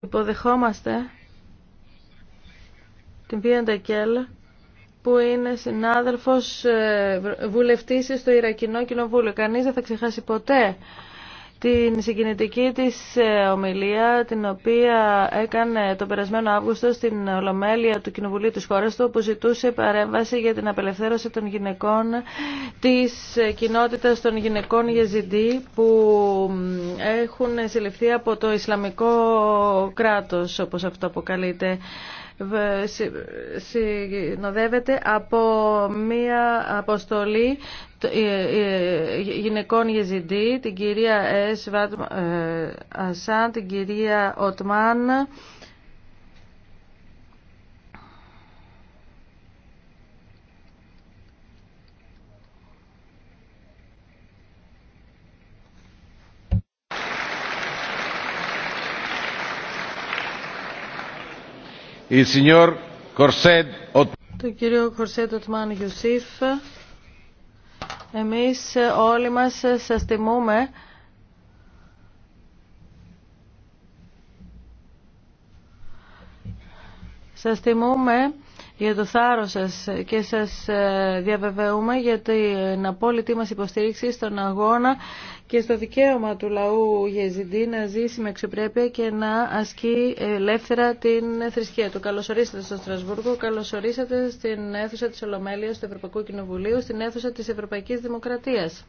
Υποδεχόμαστε την Βία Ντακέλ που είναι συνάδελφος ε, βουλευτής στο Ιρακινό Κοινοβούλιο. Κανείς δεν θα ξεχάσει ποτέ την συγκινητική της ε, ομιλία την οποία έκανε το περασμένο Αύγουστο στην Ολομέλεια του Κοινοβουλίου της χώρας του που ζητούσε παρέμβαση για την απελευθέρωση των γυναικών της ε, κοινότητας των γυναικών Γεζιντή που έχουν συλληφθεί από το Ισλαμικό κράτος όπως αυτό αποκαλείται συνοδεύεται από μία αποστολή ε, ε, γυναικών Γεζιντή, την κυρία Εσβάτ ε, Ασάν, την κυρία Οτμάν, το κύριο Κορσέτ Οτμάν Γιουσίφ εμείς όλοι μας σας τιμούμε σας τιμούμε για το θάρρος σας και σας ε, διαβεβαιούμε για την απόλυτη μας υποστήριξη στον αγώνα και στο δικαίωμα του λαού Γεζιντή να ζήσει με αξιοπρέπεια και να ασκεί ελεύθερα την θρησκεία του. Καλωσορίσατε στο Στρασβούργο, καλωσορίσατε στην αίθουσα της Ολομέλειας του Ευρωπαϊκού Κοινοβουλίου, στην αίθουσα της Ευρωπαϊκής Δημοκρατίας.